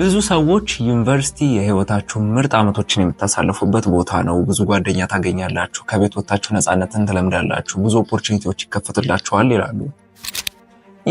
ብዙ ሰዎች ዩኒቨርሲቲ የህይወታችሁ ምርጥ ዓመቶችን የምታሳልፉበት ቦታ ነው። ብዙ ጓደኛ ታገኛላችሁ፣ ከቤት ወታችሁ ነፃነትን ትለምዳላችሁ፣ ብዙ ኦፖርቹኒቲዎች ይከፈትላችኋል ይላሉ።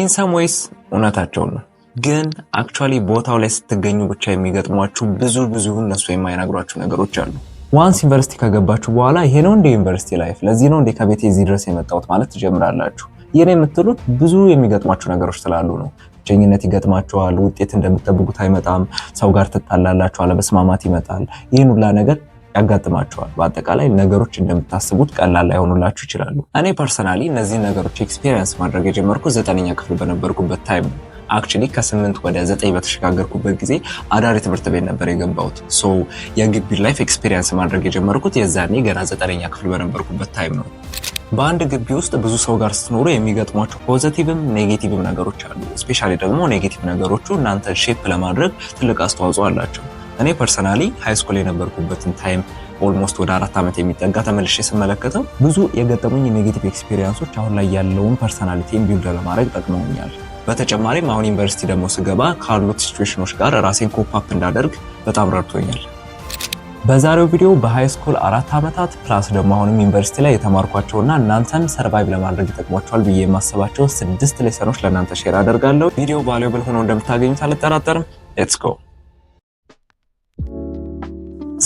ኢንሰም ወይስ እውነታቸው ነው። ግን አክቹዋሊ ቦታው ላይ ስትገኙ ብቻ የሚገጥሟችሁ ብዙ ብዙ እነሱ የማይነግሯችሁ ነገሮች አሉ። ዋንስ ዩኒቨርሲቲ ከገባችሁ በኋላ ይሄ ነው እንደ ዩኒቨርሲቲ ላይፍ፣ ለዚህ ነው እንደ ከቤቴ እዚህ ድረስ የመጣሁት ማለት ትጀምራላችሁ። የኔ የምትሉት ብዙ የሚገጥሟቸው ነገሮች ስላሉ ነው። ብቸኝነት ይገጥማቸዋል። ውጤት እንደምትጠብቁት አይመጣም። ሰው ጋር ትጣላላችሁ፣ አለመስማማት ይመጣል። ይህን ሁላ ነገር ያጋጥማቸዋል። በአጠቃላይ ነገሮች እንደምታስቡት ቀላል ላይሆኑላችሁ ይችላሉ። እኔ ፐርሰናሊ እነዚህ ነገሮች ኤክስፔሪየንስ ማድረግ የጀመርኩት ዘጠነኛ ክፍል በነበርኩበት ታይም ነው። አክቹሊ ከስምንት ወደ ዘጠኝ በተሸጋገርኩበት ጊዜ አዳሪ ትምህርት ቤት ነበር የገባሁት። ሶ የግቢ ላይፍ ኤክስፔሪየንስ ማድረግ የጀመርኩት የዛኔ ገና ዘጠነኛ ክፍል በነበርኩበት ታይም ነው። በአንድ ግቢ ውስጥ ብዙ ሰው ጋር ስትኖሩ የሚገጥሟቸው ፖዘቲቭም ኔጌቲቭም ነገሮች አሉ። ስፔሻሊ ደግሞ ኔጌቲቭ ነገሮቹ እናንተ ሼፕ ለማድረግ ትልቅ አስተዋጽኦ አላቸው። እኔ ፐርሰናሊ ሃይስኩል የነበርኩበትን ታይም ኦልሞስት ወደ አራት ዓመት የሚጠጋ ተመልሼ ስመለከተው ብዙ የገጠሙኝ ኔጌቲቭ ኤክስፒሪየንሶች አሁን ላይ ያለውን ፐርሰናሊቲን ቢውልድ ለማድረግ ጠቅመውኛል። በተጨማሪም አሁን ዩኒቨርሲቲ ደግሞ ስገባ ካሉት ሲትዌሽኖች ጋር ራሴን ኮፕ አፕ እንዳደርግ በጣም ረድቶኛል። በዛሬው ቪዲዮ ስኩል አራት ዓመታት ፕላስ ደግሞ አሁንም ዩኒቨርሲቲ ላይ የተማርኳቸውና እናንተን ሰርቫይቭ ለማድረግ ይጠቅሟቸዋል ብዬ የማሰባቸው ስድስት ሌሰኖች ለእናንተ ሼር አደርጋለሁ። ቪዲዮ ቫሉብል ሆኖ እንደምታገኙት አልጠራጠርም። ሌትስ ጎ።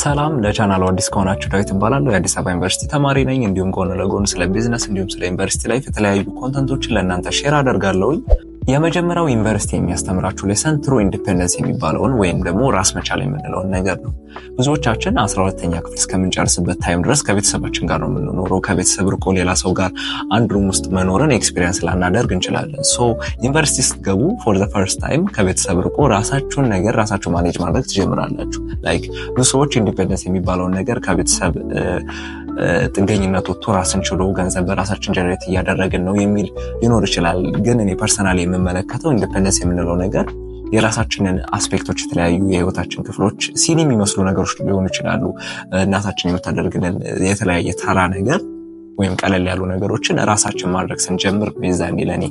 ሰላም ለቻናሉ አዲስ ከሆናችሁ ዳዊት እባላለሁ። የአዲስ አበባ ዩኒቨርሲቲ ተማሪ ነኝ። እንዲሁም ጎን ለጎን ስለ ቢዝነስ እንዲሁም ስለ ዩኒቨርሲቲ ላይፍ የተለያዩ ኮንተንቶችን ለእናንተ ሼር አደርጋለሁኝ። የመጀመሪያው ዩኒቨርሲቲ የሚያስተምራችሁ ሌሰን ትሩ ኢንዲፔንደንስ የሚባለውን ወይም ደግሞ ራስ መቻል የምንለውን ነገር ነው። ብዙዎቻችን አስራ ተኛ ክፍል እስከምንጨርስበት ታይም ድረስ ከቤተሰባችን ጋር ነው የምንኖረው። ከቤተሰብ ርቆ ሌላ ሰው ጋር አንድ ሩም ውስጥ መኖርን ኤክስፒሪየንስ ላናደርግ እንችላለን። ሶ ዩኒቨርሲቲ ስትገቡ ፎር ዘ ፈርስት ታይም ከቤተሰብ ርቆ ራሳችሁን ነገር ራሳችሁ ማኔጅ ማድረግ ትጀምራላችሁ። ላይክ ብዙ ሰዎች ኢንዲፔንደንስ የሚባለውን ነገር ከቤተሰብ ጥገኝነት ወጥቶ ራስን ችሎ ገንዘብ በራሳችን ጀነሬት እያደረግን ነው የሚል ሊኖር ይችላል። ግን እኔ ፐርሰናል የምመለከተው ኢንዲፐንደንስ የምንለው ነገር የራሳችንን አስፔክቶች የተለያዩ የህይወታችን ክፍሎች ሲኒ የሚመስሉ ነገሮች ሊሆኑ ይችላሉ። እናታችን የምታደርግልን የተለያየ ተራ ነገር ወይም ቀለል ያሉ ነገሮችን ራሳችን ማድረግ ስንጀምር ዛኔ ለኔ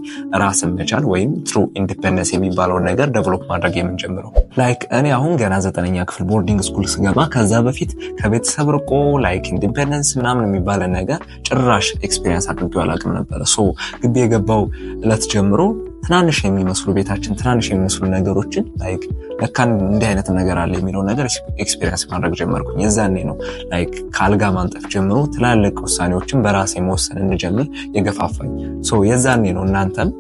ራስን መቻል ወይም ትሩ ኢንዲፐንደንስ የሚባለውን ነገር ደቨሎፕ ማድረግ የምንጀምረው። ላይክ እኔ አሁን ገና ዘጠነኛ ክፍል ቦርዲንግ ስኩል ስገባ ከዛ በፊት ከቤተሰብ ርቆ ላይክ ኢንዲፐንደንስ ምናምን የሚባለ ነገር ጭራሽ ኤክስፔሪንስ አድርጌ አላውቅም ነበረ። ሶ ግቢ የገባው እለት ጀምሮ ትናንሽ የሚመስሉ ቤታችን ትናንሽ የሚመስሉ ነገሮችን ላይክ ለካን እንዲህ አይነት ነገር አለ የሚለው ነገር ኤክስፔሪንስ ማድረግ ጀመርኩኝ። የዛኔ ነው ላይክ ከአልጋ ማንጠፍ ጀምሮ ትላልቅ ውሳኔዎችን በራሴ መወሰን እንድጀምር የገፋፋኝ። ሶ የዛኔ ነው እናንተም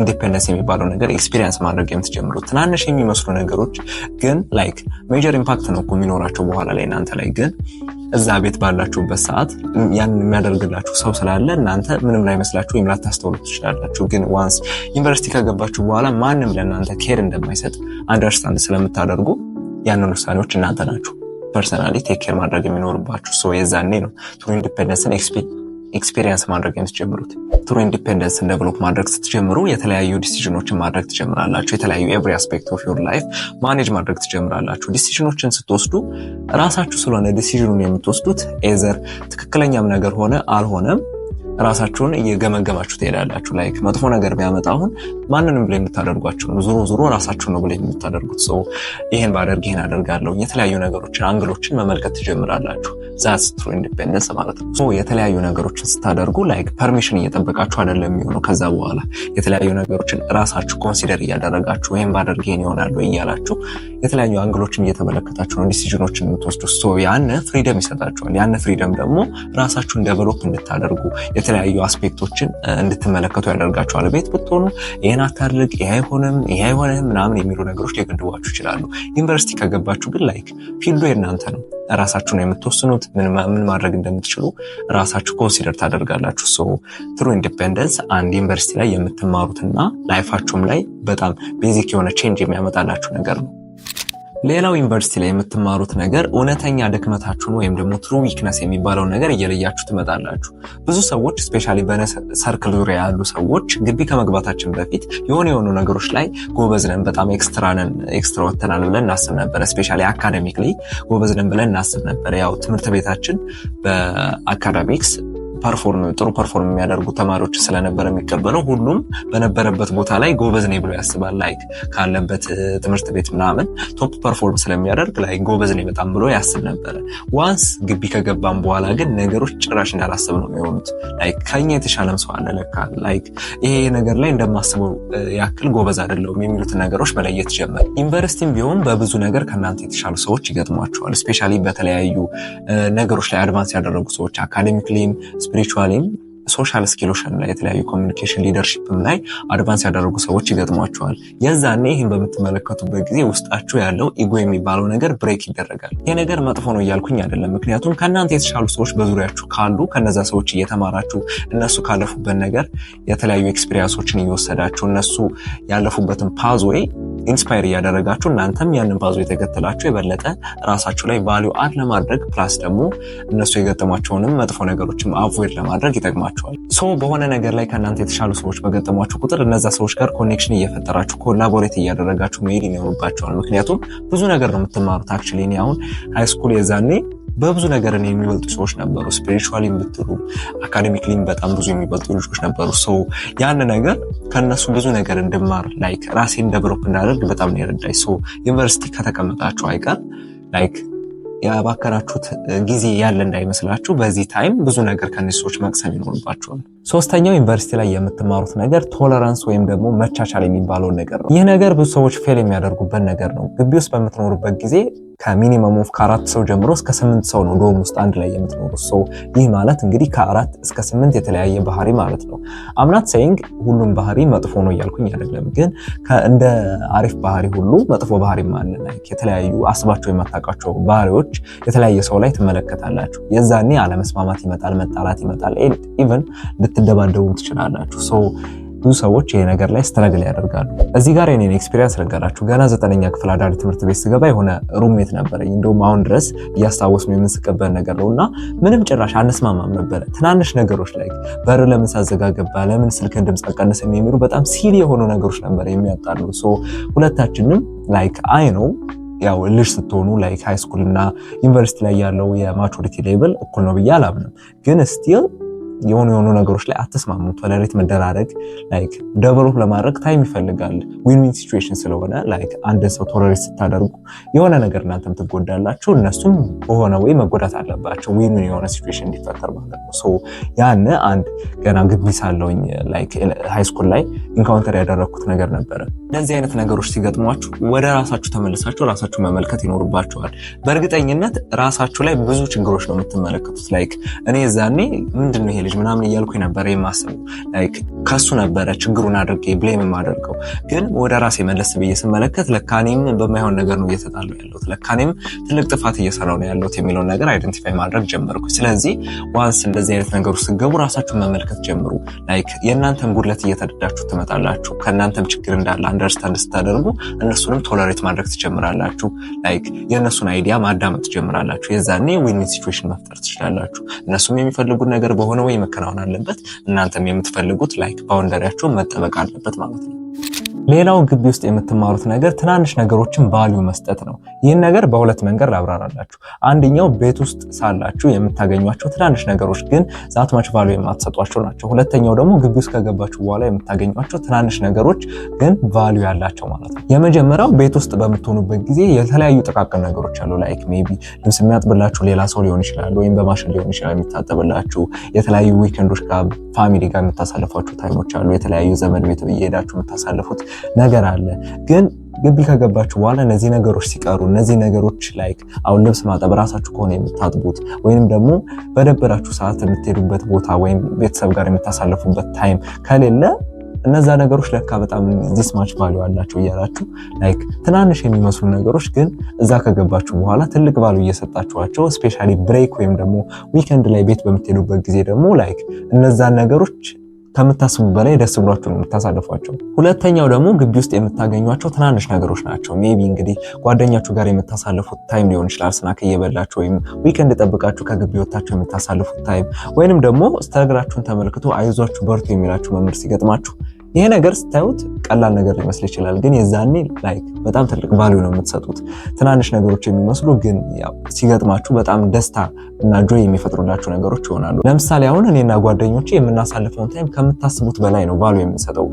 ኢንዲፔንደንስ የሚባለው ነገር ኤክስፒሪየንስ ማድረግ የምትጀምሩት ትናንሽ የሚመስሉ ነገሮች ግን ላይክ ሜጀር ኢምፓክት ነው የሚኖራቸው በኋላ ላይ እናንተ ላይ ግን እዛ ቤት ባላችሁበት ሰዓት ያንን የሚያደርግላችሁ ሰው ስላለ እናንተ ምንም ላይመስላችሁ ወይም ላታስተውሉ ትችላላችሁ። ግን ዋንስ ዩኒቨርሲቲ ከገባችሁ በኋላ ማንም ለእናንተ ኬር እንደማይሰጥ አንደርስታንድ ስለምታደርጉ ያንን ውሳኔዎች እናንተ ናችሁ ፐርሰናሊ ቴክ ኬር ማድረግ የሚኖርባችሁ ሰው የዛኔ ነው ቱ ኢንዲፔንደንስን ኤክስፔክት ኤክስፔሪንስ ማድረግ የምትጀምሩት። ሩ ኢንዲፔንደንስ ዴቨሎፕ ማድረግ ስትጀምሩ የተለያዩ ዲሲዥኖችን ማድረግ ትጀምራላችሁ። የተለያዩ ኤቭሪ አስፔክት ኦፍ ዮር ላይፍ ማኔጅ ማድረግ ትጀምራላችሁ። ዲሲዥኖችን ስትወስዱ ራሳችሁ ስለሆነ ዲሲዥኑን የምትወስዱት ኤዘር ትክክለኛም ነገር ሆነ አልሆነም ራሳችሁን እየገመገማችሁ ትሄዳላችሁ። ላይክ መጥፎ ነገር ቢያመጣ አሁን ማንንም ብለ የምታደርጓቸው ነው። ዙሮ ዙሮ ራሳችሁን ነው ብለ የምታደርጉት። ሰው ይህን ባደርግ ይህን አደርጋለሁ። የተለያዩ ነገሮችን አንግሎችን መመልከት ትጀምራላችሁ። ዛስ ትሩ ኢንዲፔንደንስ ማለት ነው። የተለያዩ ነገሮችን ስታደርጉ ላይክ ፐርሚሽን እየጠበቃችሁ አይደለም የሚሆነው። ከዛ በኋላ የተለያዩ ነገሮችን ራሳችሁ ኮንሲደር እያደረጋችሁ ይህን ባደርግ ይህን ይሆናሉ እያላችሁ የተለያዩ አንግሎችን እየተመለከታችሁ ነው ዲሲዥኖችን የምትወስዱ። ያነ ፍሪደም ይሰጣችኋል። ያነ ፍሪደም ደግሞ ራሳችሁን ደቨሎፕ እንድታደርጉ የተለያዩ አስፔክቶችን እንድትመለከቱ ያደርጋቸዋል ቤት ብትሆኑ ይህን አታድርግ፣ ይህ አይሆንም፣ ይህ አይሆንም ምናምን የሚሉ ነገሮች ሊገድቧችሁ ይችላሉ። ዩኒቨርሲቲ ከገባችሁ ግን ላይክ ፊልዱ የእናንተ ነው። ራሳችሁ ነው የምትወስኑት። ምን ማድረግ እንደምትችሉ ራሳችሁ ኮንሲደር ታደርጋላችሁ። ሶ ትሩ ኢንዲፔንደንስ አንድ ዩኒቨርሲቲ ላይ የምትማሩትና ላይፋችሁም ላይ በጣም ቤዚክ የሆነ ቼንጅ የሚያመጣላችሁ ነገር ነው። ሌላው ዩኒቨርሲቲ ላይ የምትማሩት ነገር እውነተኛ ድክመታችሁን ወይም ደግሞ ትሩ ዊክነስ የሚባለውን ነገር እየለያችሁ ትመጣላችሁ። ብዙ ሰዎች ስፔሻሊ በነ ሰርክል ዙሪያ ያሉ ሰዎች ግቢ ከመግባታችን በፊት የሆኑ የሆኑ ነገሮች ላይ ጎበዝነን በጣም ኤክስትራነን ኤክስትራ ወተናል ብለን እናስብ ነበረ። ስፔሻሊ አካደሚክ ላይ ብለን እናስብ ነበረ። ያው ትምህርት ቤታችን በአካዳሚክስ ፐርፎርም ጥሩ ፐርፎርም የሚያደርጉ ተማሪዎች ስለነበረ የሚቀበለው ሁሉም በነበረበት ቦታ ላይ ጎበዝ ነኝ ብሎ ያስባል። ላይክ ካለበት ትምህርት ቤት ምናምን ቶፕ ፐርፎርም ስለሚያደርግ ላይክ ጎበዝ ነኝ በጣም ብሎ ያስብ ነበረ። ዋንስ ግቢ ከገባም በኋላ ግን ነገሮች ጭራሽ እንዳላሰብ ነው የሚሆኑት። ላይክ ከኛ የተሻለም ሰው አለ ለካ ላይክ ይሄ ነገር ላይ እንደማስበው ያክል ጎበዝ አይደለውም የሚሉት ነገሮች መለየት ጀመር። ዩኒቨርሲቲም ቢሆን በብዙ ነገር ከእናንተ የተሻሉ ሰዎች ይገጥሟቸዋል። ስፔሻሊ በተለያዩ ነገሮች ላይ አድቫንስ ያደረጉ ሰዎች አካዴሚክሊም ስፒሪቹዋሊም ሶሻል ስኪሎችን ላይ የተለያዩ ኮሚኒኬሽን ሊደርሺፕም ላይ አድቫንስ ያደረጉ ሰዎች ይገጥሟቸዋል። የዛኔ ይህን በምትመለከቱበት ጊዜ ውስጣችሁ ያለው ኢጎ የሚባለው ነገር ብሬክ ይደረጋል። ይህ ነገር መጥፎ ነው እያልኩኝ አይደለም። ምክንያቱም ከእናንተ የተሻሉ ሰዎች በዙሪያችሁ ካሉ ከነዛ ሰዎች እየተማራችሁ እነሱ ካለፉበት ነገር የተለያዩ ኤክስፒሪያንሶችን እየወሰዳችሁ እነሱ ያለፉበትን ፓዝ ወይ ኢንስፓየር እያደረጋችሁ እናንተም ያንን ባዞ የተከተላችሁ የበለጠ ራሳችሁ ላይ ቫሊዩ አድ ለማድረግ ፕላስ ደግሞ እነሱ የገጠሟቸውንም መጥፎ ነገሮችም አቮይድ ለማድረግ ይጠቅማቸዋል። ሶ በሆነ ነገር ላይ ከእናንተ የተሻሉ ሰዎች በገጠሟችሁ ቁጥር እነዛ ሰዎች ጋር ኮኔክሽን እየፈጠራችሁ ኮላቦሬት እያደረጋችሁ መሄድ ይኖርባቸዋል። ምክንያቱም ብዙ ነገር ነው የምትማሩት። አክቹዋሊ እኔ አሁን ሃይስኩል የዛኔ በብዙ ነገር እኔ የሚበልጡ ሰዎች ነበሩ። ስፒሪቹዋሊም ብትሉ አካዴሚክሊም በጣም ብዙ የሚበልጡ ልጆች ነበሩ። ሰው ያን ነገር ከነሱ ብዙ ነገር እንድማር ላይክ ራሴን ደብሮፕ እንዳደርግ በጣም ነው የረዳኝ። ሰው ዩኒቨርሲቲ ከተቀመጣችሁ አይቀር ላይክ ያባከናችሁት ጊዜ ያለ እንዳይመስላችሁ በዚህ ታይም ብዙ ነገር ከነሱ ሰዎች መቅሰም ይኖርባችኋል። ሶስተኛው ዩኒቨርሲቲ ላይ የምትማሩት ነገር ቶለራንስ ወይም ደግሞ መቻቻል የሚባለውን ነገር ነው። ይህ ነገር ብዙ ሰዎች ፌል የሚያደርጉበት ነገር ነው። ግቢ ውስጥ በምትኖሩበት ጊዜ ከሚኒመም ኦፍ ከአራት ሰው ጀምሮ እስከ ስምንት ሰው ነው ዶም ውስጥ አንድ ላይ የምትኖሩት ሰው። ይህ ማለት እንግዲህ ከአራት እስከ ስምንት የተለያየ ባህሪ ማለት ነው። አምናት ሰይንግ ሁሉም ባህሪ መጥፎ ነው እያልኩኝ አይደለም፣ ግን እንደ አሪፍ ባህሪ ሁሉ መጥፎ ባህሪ አለ። የተለያዩ አስባቸው የማታውቃቸው ባህሪዎች የተለያየ ሰው ላይ ትመለከታላችሁ። የዛኔ አለመስማማት ይመጣል፣ መጣላት ይመጣል ኢቨን ልትደባደቡ ትችላላችሁ። ሰው ብዙ ሰዎች ይሄ ነገር ላይ ስትረግል ያደርጋሉ። እዚህ ጋር የኔን ኤክስፒሪየንስ ልንገራችሁ። ገና ዘጠነኛ ክፍል አዳሪ ትምህርት ቤት ስገባ የሆነ ሩሜት ነበረኝ። እንደውም አሁን ድረስ እያስታወስ ነው የምንስቅበት ነገር ነው እና ምንም ጭራሽ አንስማማም ነበረ። ትናንሽ ነገሮች ላይ በር ለምን ሳዘጋገባ፣ ለምን ስልክን ድምፅ አቀንስም የሚሉ በጣም ሲል የሆኑ ነገሮች ነበረ የሚያጣሉ። ሁለታችንም ላይክ አይ ነው ያው ልጅ ስትሆኑ ላይክ ሃይ ስኩል እና ዩኒቨርሲቲ ላይ ያለው የማቹሪቲ ሌቭል እኩል ነው ብዬ አላምንም፣ ግን ስቲል የሆኑ የሆኑ ነገሮች ላይ አትስማሙም። ቶለሬት መደራረግ ላይክ ደቨሎፕ ለማድረግ ታይም ይፈልጋል። ዊን ዊን ሲቹዌሽን ስለሆነ ላይክ አንድን ሰው ቶለሬት ስታደርጉ የሆነ ነገር እናንተም ትጎዳላችሁ፣ እነሱም በሆነ ወይ መጎዳት አለባቸው። ዊን ዊን የሆነ ሲቹዌሽን እንዲፈጠር ማለት ነው። ሶ ያን አንድ ገና ግቢ ሳለውኝ ላይክ ሃይስኩል ላይ ኢንካውንተር ያደረግኩት ነገር ነበረ። እንደዚህ አይነት ነገሮች ሲገጥሟችሁ ወደ ራሳችሁ ተመልሳችሁ ራሳችሁ መመልከት ይኖርባችኋል። በእርግጠኝነት ራሳችሁ ላይ ብዙ ችግሮች ነው የምትመለከቱት። ላይክ እኔ ዛኔ ምንድነው ይሄ ልጅ ምናምን እያልኩ ነበር የማስበው ከሱ ነበረ ችግሩን አድርጌ ብሌም የማደርገው። ግን ወደ ራሴ መለስ ብዬ ስመለከት ለካኔም በማይሆን ነገር ነው እየተጣለው ያለት ለካኔም ትልቅ ጥፋት እየሰራው ነው ያለት የሚለውን ነገር አይደንቲፋይ ማድረግ ጀመርኩ። ስለዚህ ዋንስ እንደዚህ አይነት ነገሩ ስገቡ ራሳችሁን መመልከት ጀምሩ። ላይክ የእናንተን ጉድለት እየተደዳችሁ ትመጣላችሁ። ከእናንተም ችግር እንዳለ አንደርስታንድ ስታደርጉ እነሱንም ቶለሬት ማድረግ ትጀምራላችሁ። ላይክ የእነሱን አይዲያ ማዳመጥ ትጀምራላችሁ። የዛኔ ዊኒ ሲዌሽን መፍጠር ትችላላችሁ። እነሱም የሚፈልጉት ነገር በሆነ ወይ መከናወን አለበት። እናንተም የምትፈልጉት ላይክ ባውንደሪያችሁን መጠበቅ አለበት ማለት ነው። ሌላው ግቢ ውስጥ የምትማሩት ነገር ትናንሽ ነገሮችን ቫልዩ መስጠት ነው። ይህን ነገር በሁለት መንገድ ላብራራላችሁ። አንደኛው ቤት ውስጥ ሳላችሁ የምታገኟቸው ትናንሽ ነገሮች ግን ዛትማች ማች የማትሰጧቸው ናቸው። ሁለተኛው ደግሞ ግቢ ውስጥ ከገባችሁ በኋላ የምታገኟቸው ትናንሽ ነገሮች ግን ቫልዩ ያላቸው ማለት ነው። የመጀመሪያው ቤት ውስጥ በምትሆኑበት ጊዜ የተለያዩ ጥቃቅን ነገሮች አሉ። ላይክ ሜይ ቢ ልብስ የሚያጥብላችሁ ሌላ ሰው ሊሆን ይችላል፣ ወይም በማሽን ሊሆን ይችላል የሚታጠብላችሁ። የተለያዩ ዊኬንዶች ጋር ፋሚሊ ጋር የምታሳልፏቸው ታይሞች አሉ። የተለያዩ ዘመን ቤት እየሄዳችሁ የምታሳልፉት ነገር አለ ግን ግቢ ከገባችሁ በኋላ እነዚህ ነገሮች ሲቀሩ እነዚህ ነገሮች ላይክ አሁን ልብስ ማጠብ ራሳችሁ ከሆነ የምታጥቡት ወይም ደግሞ በደበራችሁ ሰዓት የምትሄዱበት ቦታ ወይም ቤተሰብ ጋር የምታሳልፉበት ታይም ከሌለ እነዛ ነገሮች ለካ በጣም ማች ቫሉ አላቸው እያላችሁ ላይክ ትናንሽ የሚመስሉ ነገሮች ግን እዛ ከገባችሁ በኋላ ትልቅ ቫሉ እየሰጣችኋቸው፣ ስፔሻሊ ብሬክ ወይም ደግሞ ዊከንድ ላይ ቤት በምትሄዱበት ጊዜ ደግሞ ላይክ እነዛን ነገሮች ከምታስቡ በላይ ደስ ብሏችሁ ነው የምታሳልፏቸው። ሁለተኛው ደግሞ ግቢ ውስጥ የምታገኟቸው ትናንሽ ነገሮች ናቸው። ሜቢ እንግዲህ ጓደኛችሁ ጋር የምታሳልፉት ታይም ሊሆን ይችላል፣ ስናክ እየበላችሁ ወይም ዊከንድ ጠብቃችሁ ከግቢ ወታችሁ የምታሳልፉት ታይም ወይንም ደግሞ ስተግራችሁን ተመልክቶ አይዟችሁ በርቱ የሚላችሁ መምህር ሲገጥማችሁ ይሄ ነገር ስታዩት ቀላል ነገር ሊመስል ይችላል፣ ግን የዛኔ ላይክ በጣም ትልቅ ቫልዩ ነው የምትሰጡት። ትናንሽ ነገሮች የሚመስሉ ግን ሲገጥማችሁ በጣም ደስታ እና ጆይ የሚፈጥሩላቸው ነገሮች ይሆናሉ። ለምሳሌ አሁን እኔና ጓደኞቼ የምናሳልፈውን ታይም ከምታስቡት በላይ ነው ቫሉ የምንሰጠው።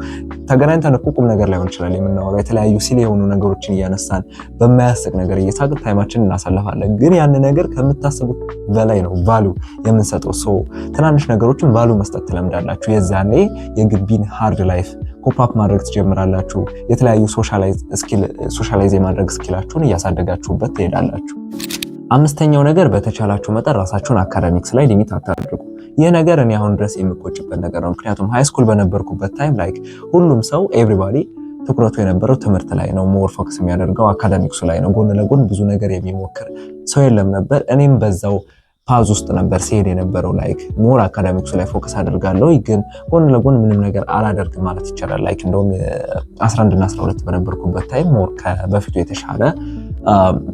ተገናኝተን እኮ ቁም ነገር ላይሆን ይችላል የምናወራው፣ የተለያዩ ሲል የሆኑ ነገሮችን እያነሳን በማያስቅ ነገር እየሳቅን ታይማችን እናሳልፋለን። ግን ያን ነገር ከምታስቡት በላይ ነው ቫሉ የምንሰጠው። ሰው ትናንሽ ነገሮችን ቫሉ መስጠት ትለምዳላችሁ። የዛኔ የግቢን ሃርድ ላይፍ ኮፓፕ ማድረግ ትጀምራላችሁ። የተለያዩ ሶሻላይዝ የማድረግ ስኪላችሁን እያሳደጋችሁበት ትሄዳላችሁ። አምስተኛው ነገር በተቻላችሁ መጠን ራሳችሁን አካዳሚክስ ላይ ሊሚት አታድርጉ። ይህ ነገር እኔ አሁን ድረስ የምቆጭበት ነገር ነው። ምክንያቱም ሃይስኩል በነበርኩበት ታይም ላይክ ሁሉም ሰው ኤቭሪባዲ ትኩረቱ የነበረው ትምህርት ላይ ነው፣ ሞር ፎክስ የሚያደርገው አካዳሚክሱ ላይ ነው። ጎን ለጎን ብዙ ነገር የሚሞክር ሰው የለም ነበር። እኔም በዛው ፓዝ ውስጥ ነበር ሲሄድ የነበረው ላይክ ሞር አካዳሚክሱ ላይ ፎከስ አደርጋለሁ፣ ግን ጎን ለጎን ምንም ነገር አላደርግም ማለት ይቻላል። ላይክ እንደውም 11 እና 12 በነበርኩበት ታይም ሞር በፊቱ የተሻለ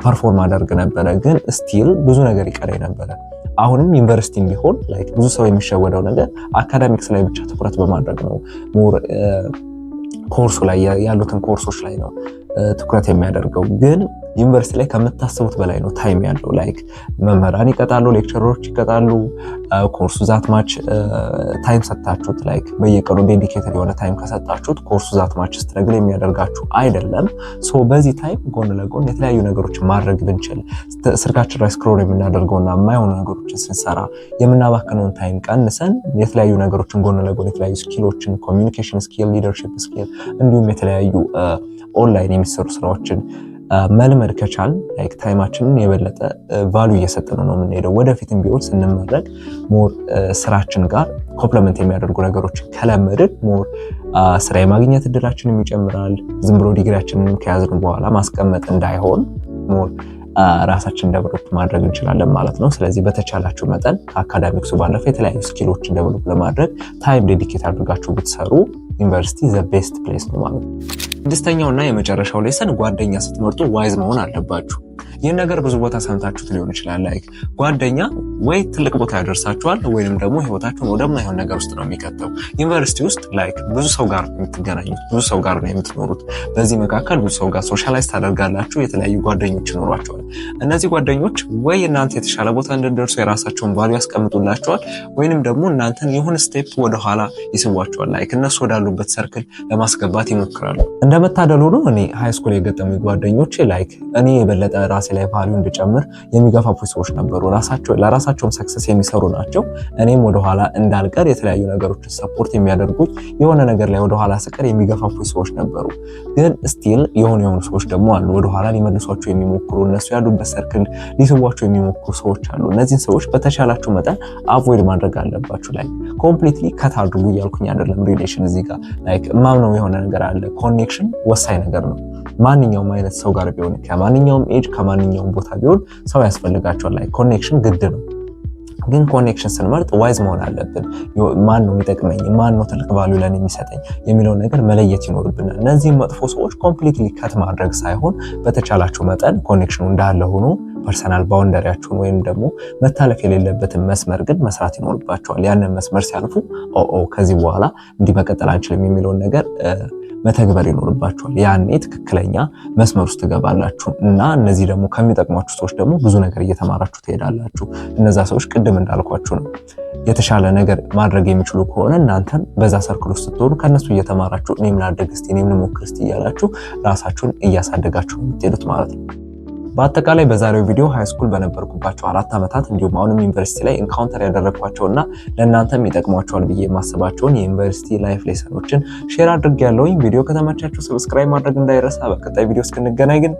ፐርፎርም አደርግ ነበረ። ግን ስቲል ብዙ ነገር ይቀረኝ ነበረ። አሁንም ዩኒቨርሲቲ ቢሆን ብዙ ሰው የሚሸወደው ነገር አካዳሚክስ ላይ ብቻ ትኩረት በማድረግ ነው ሞር ኮርሱ ላይ ያሉትን ኮርሶች ላይ ነው ትኩረት የሚያደርገው ግን ዩኒቨርሲቲ ላይ ከምታስቡት በላይ ነው ታይም ያለው። ላይክ መምህራን ይቀጣሉ፣ ሌክቸሮች ይቀጣሉ። ኮርሱ ዛትማች ታይም ሰጥታችሁት ላይክ በየቀኑ ዴዲኬተድ የሆነ ታይም ከሰጣችሁት ኮርሱ ዛትማች ስትረግል የሚያደርጋችሁ አይደለም። ሶ በዚህ ታይም ጎን ለጎን የተለያዩ ነገሮች ማድረግ ብንችል፣ ስልካችን ላይ ስክሮል የምናደርገውና የማይሆኑ ነገሮችን ስንሰራ የምናባክነውን ታይም ቀንሰን የተለያዩ ነገሮችን ጎን ለጎን የተለያዩ ስኪሎችን ኮሚኒኬሽን ስኪል፣ ሊደርሽፕ ስኪል እንዲሁም የተለያዩ ኦንላይን የሚሰሩ ስራዎችን መልመድ ከቻል ላይክ ታይማችንን የበለጠ ቫሉ እየሰጠነው ነው የምንሄደው። ወደፊትም ቢሆን ስንመረቅ ሞር ስራችን ጋር ኮምፕለመንት የሚያደርጉ ነገሮችን ከለመድን ሞር ስራ የማግኘት እድላችንም ይጨምራል። ዝም ብሎ ዲግሪያችንን ከያዝን በኋላ ማስቀመጥ እንዳይሆን ሞር ራሳችን ደብሎፕ ማድረግ እንችላለን ማለት ነው። ስለዚህ በተቻላችሁ መጠን ከአካዳሚክሱ ባለፈ የተለያዩ ስኪሎችን ደብሎፕ ለማድረግ ታይም ዴዲኬት አድርጋችሁ ብትሰሩ ዩኒቨርሲቲ ዘ ቤስት ፕሌስ ነው ማለት ነው። ስድስተኛውና የመጨረሻው ሌሰን ጓደኛ ስትመርጡ ዋይዝ መሆን አለባችሁ። ይህን ነገር ብዙ ቦታ ሰምታችሁት ሊሆን ይችላል። ላይክ ጓደኛ ወይ ትልቅ ቦታ ያደርሳችኋል ወይንም ደግሞ ህይወታችሁን ወደማይሆን ነገር ውስጥ ነው የሚከተው። ዩኒቨርሲቲ ውስጥ ላይክ ብዙ ሰው ጋር የምትገናኙት ብዙ ሰው ጋር ነው የምትኖሩት። በዚህ መካከል ብዙ ሰው ጋር ሶሻላይዝ ታደርጋላችሁ። የተለያዩ ጓደኞች ይኖሯቸዋል። እነዚህ ጓደኞች ወይ እናንተ የተሻለ ቦታ እንድንደርሱ የራሳቸውን ቫሉ ያስቀምጡላቸዋል ወይንም ደግሞ እናንተን የሆነ ስቴፕ ወደኋላ ይስቧቸዋል። ላይክ እነሱ ወዳሉበት ሰርክል ለማስገባት ይሞክራሉ። እንደመታደል ሆኖ እኔ ሃይስኩል የገጠሙ ጓደኞቼ ላይክ እኔ የበለጠ ራሴ ላይ ቫሊዩ እንድጨምር የሚገፋፉ ሰዎች ነበሩ። ለራሳቸውም ሰክሰስ የሚሰሩ ናቸው። እኔም ወደኋላ እንዳልቀር የተለያዩ ነገሮችን ሰፖርት የሚያደርጉኝ የሆነ ነገር ላይ ወደኋላ ስቀር የሚገፋፉ ሰዎች ነበሩ። ግን ስቲል የሆኑ የሆኑ ሰዎች ደግሞ አሉ፣ ወደኋላ ሊመልሷቸው የሚሞክሩ እነሱ ያሉበት ሰርክል ሊስቧቸው የሚሞክሩ ሰዎች አሉ። እነዚህን ሰዎች በተሻላችሁ መጠን አቮይድ ማድረግ አለባችሁ። ላይ ኮምፕሊትሊ ከት አድርጉ እያልኩኝ አይደለም። ሪሌሽን እዚህ ጋር ላይክ ማምነው የሆነ ነገር አለ። ኮኔክሽን ወሳኝ ነገር ነው። ማንኛውም አይነት ሰው ጋር ቢሆን ከማንኛውም ኤጅ ከማንኛውም ቦታ ቢሆን ሰው ያስፈልጋቸዋል። ላይ ኮኔክሽን ግድ ነው። ግን ኮኔክሽን ስንመርጥ ዋይዝ መሆን አለብን። ማን ነው የሚጠቅመኝ፣ ማን ነው ትልቅ ቫሉ ለን የሚሰጠኝ የሚለው ነገር መለየት ይኖርብናል። እነዚህም መጥፎ ሰዎች ኮምፕሊትሊ ከት ማድረግ ሳይሆን በተቻላቸው መጠን ኮኔክሽኑ እንዳለ ሆኖ ፐርሰናል ባውንደሪያችሁን ወይም ደግሞ መታለፍ የሌለበትን መስመር ግን መስራት ይኖርባቸዋል። ያንን መስመር ሲያልፉ ኦ ከዚህ በኋላ እንዲህ መቀጠል አንችልም የሚለውን ነገር መተግበር ይኖርባችኋል። ያኔ ትክክለኛ መስመር ውስጥ ትገባላችሁ እና እነዚህ ደግሞ ከሚጠቅሟችሁ ሰዎች ደግሞ ብዙ ነገር እየተማራችሁ ትሄዳላችሁ። እነዛ ሰዎች ቅድም እንዳልኳችሁ ነው የተሻለ ነገር ማድረግ የሚችሉ ከሆነ እናንተም በዛ ሰርክል ውስጥ ስትሆኑ ከእነሱ እየተማራችሁ እኔም ላደግ እስቲ እኔም ልሞክር እስቲ እያላችሁ ራሳችሁን እያሳደጋችሁ የምትሄዱት ማለት ነው። በአጠቃላይ በዛሬው ቪዲዮ ሃይስኩል በነበርኩባቸው አራት ዓመታት እንዲሁም አሁንም ዩኒቨርሲቲ ላይ ኢንካውንተር ያደረግኳቸውና ለእናንተም ይጠቅሟቸዋል ብዬ የማስባቸውን የዩኒቨርሲቲ ላይፍ ሌሰኖችን ሼር ያለውኝ ቪዲዮ ከተመቻችሁ ሰብስክራይብ ማድረግ እንዳይረሳ። በቀጣይ ቪዲዮ እስክንገናኝ ግን